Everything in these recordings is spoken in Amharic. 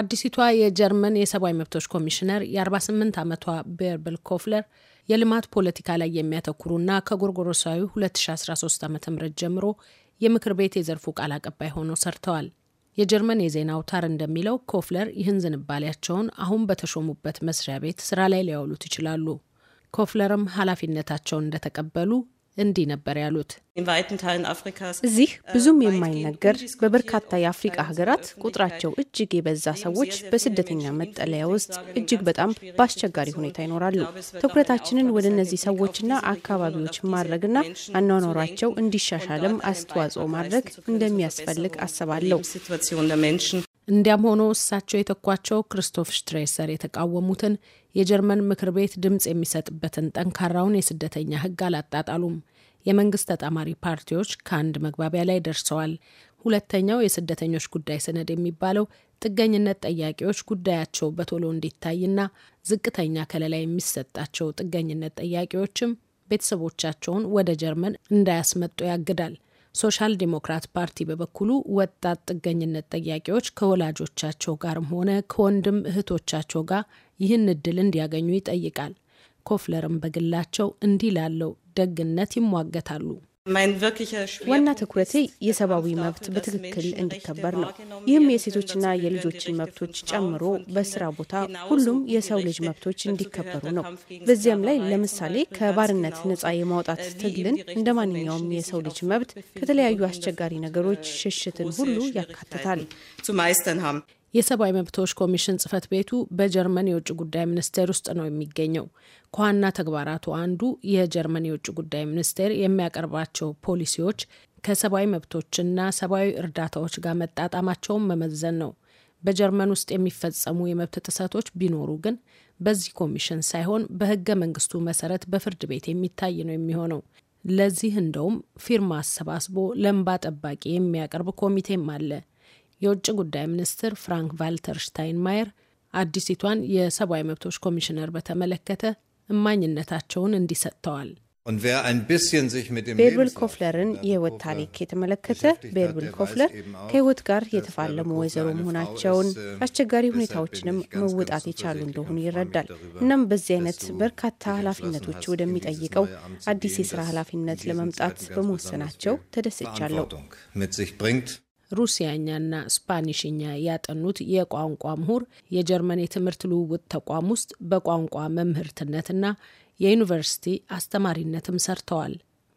አዲሲቷ የጀርመን የሰብአዊ መብቶች ኮሚሽነር የ48 ዓመቷ ቤርብል ኮፍለር የልማት ፖለቲካ ላይ የሚያተኩሩና ከጎርጎሮሳዊ 2013 ዓ ም ጀምሮ የምክር ቤት የዘርፉ ቃል አቀባይ ሆነው ሰርተዋል። የጀርመን የዜና አውታር እንደሚለው ኮፍለር ይህን ዝንባሌያቸውን አሁን በተሾሙበት መስሪያ ቤት ስራ ላይ ሊያውሉት ይችላሉ። ኮፍለርም ኃላፊነታቸውን እንደተቀበሉ እንዲህ ነበር ያሉት። እዚህ äh, ብዙም የማይነገር በበርካታ የአፍሪቃ ሀገራት ቁጥራቸው እጅግ የበዛ ሰዎች በስደተኛ መጠለያ ውስጥ እጅግ በጣም በአስቸጋሪ ሁኔታ ይኖራሉ። ትኩረታችንን ወደ እነዚህ ሰዎችና አካባቢዎች ማድረግና አኗኗሯቸው እንዲሻሻልም አስተዋጽኦ ማድረግ um um እንደሚያስፈልግ um አስባለሁ። እንዲያም ሆኖ እሳቸው የተኳቸው ክርስቶፍ ሽትሬሰር የተቃወሙትን የጀርመን ምክር ቤት ድምፅ የሚሰጥበትን ጠንካራውን የስደተኛ ሕግ አላጣጣሉም። የመንግስት ተጣማሪ ፓርቲዎች ከአንድ መግባቢያ ላይ ደርሰዋል። ሁለተኛው የስደተኞች ጉዳይ ሰነድ የሚባለው ጥገኝነት ጠያቂዎች ጉዳያቸው በቶሎ እንዲታይና ዝቅተኛ ከለላ የሚሰጣቸው ጥገኝነት ጠያቂዎችም ቤተሰቦቻቸውን ወደ ጀርመን እንዳያስመጡ ያግዳል። ሶሻል ዲሞክራት ፓርቲ በበኩሉ ወጣት ጥገኝነት ጠያቂዎች ከወላጆቻቸው ጋርም ሆነ ከወንድም እህቶቻቸው ጋር ይህን እድል እንዲያገኙ ይጠይቃል። ኮፍለርም በግላቸው እንዲህ ላለው ደግነት ይሟገታሉ። ዋና ትኩረቴ የሰብአዊ መብት በትክክል እንዲከበር ነው። ይህም የሴቶችና የልጆችን መብቶች ጨምሮ በስራ ቦታ ሁሉም äh, የሰው ልጅ መብቶች እንዲከበሩ ነው። በዚያም ላይ ለምሳሌ ከባርነት ነጻ የማውጣት ትግልን እንደ ማንኛውም የሰው ልጅ መብት ከተለያዩ አስቸጋሪ ነገሮች äh, ሽሽትን ሁሉ ያካትታል። የሰብአዊ መብቶች ኮሚሽን ጽህፈት ቤቱ በጀርመን የውጭ ጉዳይ ሚኒስቴር ውስጥ ነው የሚገኘው። ከዋና ተግባራቱ አንዱ የጀርመን የውጭ ጉዳይ ሚኒስቴር የሚያቀርባቸው ፖሊሲዎች ከሰብአዊ መብቶችና ሰብአዊ እርዳታዎች ጋር መጣጣማቸውን መመዘን ነው። በጀርመን ውስጥ የሚፈጸሙ የመብት ጥሰቶች ቢኖሩ ግን በዚህ ኮሚሽን ሳይሆን በህገ መንግስቱ መሰረት በፍርድ ቤት የሚታይ ነው የሚሆነው። ለዚህ እንደውም ፊርማ አሰባስቦ ለእንባ ጠባቂ የሚያቀርብ ኮሚቴም አለ። የውጭ ጉዳይ ሚኒስትር ፍራንክ ቫልተር ሽታይንማየር አዲሲቷን የሰብአዊ መብቶች ኮሚሽነር በተመለከተ እማኝነታቸውን እንዲህ ሰጥተዋል። ቤርብል ኮፍለርን የህይወት ታሪክ የተመለከተ ቤርብል ኮፍለር ከህይወት ጋር የተፋለሙ ወይዘሮ መሆናቸውን äh, አስቸጋሪ ሁኔታዎችንም መወጣት የቻሉ እንደሆኑ ይረዳል። እናም በዚህ አይነት በርካታ ኃላፊነቶች ወደሚጠይቀው አዲስ የስራ ኃላፊነት ለመምጣት በመወሰናቸው ተደስቻለሁ። ሩሲያኛና ስፓኒሽኛ ያጠኑት የቋንቋ ምሁር የጀርመን የትምህርት ልውውጥ ተቋም ውስጥ በቋንቋ መምህርትነትና የዩኒቨርሲቲ አስተማሪነትም ሰርተዋል።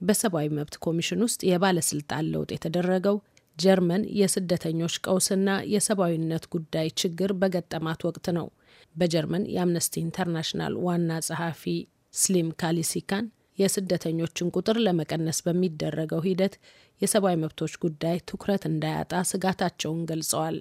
በሰብአዊ መብት ኮሚሽን ውስጥ የባለስልጣን ለውጥ የተደረገው ጀርመን የስደተኞች ቀውስና የሰብአዊነት ጉዳይ ችግር በገጠማት ወቅት ነው። በጀርመን የአምነስቲ ኢንተርናሽናል ዋና ጸሐፊ ስሊም ካሊሲካን የስደተኞችን ቁጥር ለመቀነስ በሚደረገው ሂደት የሰብአዊ መብቶች ጉዳይ ትኩረት እንዳያጣ ስጋታቸውን ገልጸዋል።